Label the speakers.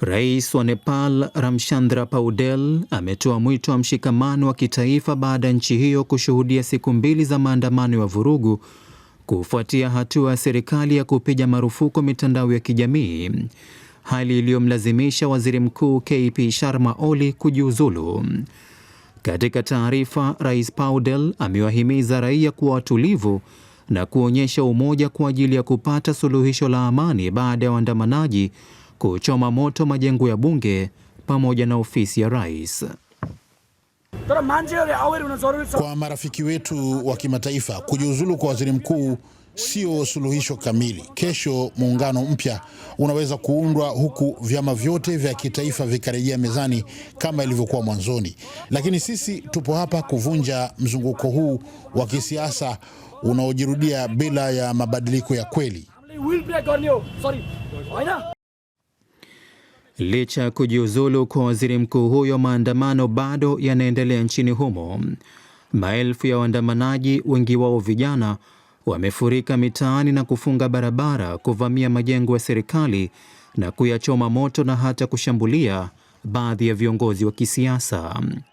Speaker 1: Rais wa Nepal Ramchandra Paudel ametoa mwito wa mshikamano wa kitaifa baada ya nchi hiyo kushuhudia siku mbili za maandamano ya vurugu kufuatia hatua ya serikali ya kupiga marufuku mitandao ya kijamii, hali iliyomlazimisha Waziri Mkuu KP Sharma Oli kujiuzulu. Katika taarifa, Rais Paudel amewahimiza raia kuwa watulivu na kuonyesha umoja kwa ajili ya kupata suluhisho la amani baada ya waandamanaji kuchoma moto majengo ya bunge pamoja na ofisi ya rais.
Speaker 2: Kwa marafiki wetu wa kimataifa, kujiuzulu kwa waziri mkuu sio suluhisho kamili. Kesho muungano mpya unaweza kuundwa huku vyama vyote vya kitaifa vikarejea mezani kama ilivyokuwa mwanzoni, lakini sisi tupo hapa kuvunja mzunguko huu wa kisiasa unaojirudia bila ya mabadiliko ya kweli.
Speaker 1: Licha ya kujiuzulu kwa waziri mkuu huyo, maandamano bado yanaendelea nchini humo. Maelfu ya waandamanaji, wengi wao vijana, wamefurika mitaani na kufunga barabara, kuvamia majengo ya serikali na kuyachoma moto na hata kushambulia baadhi ya viongozi wa kisiasa.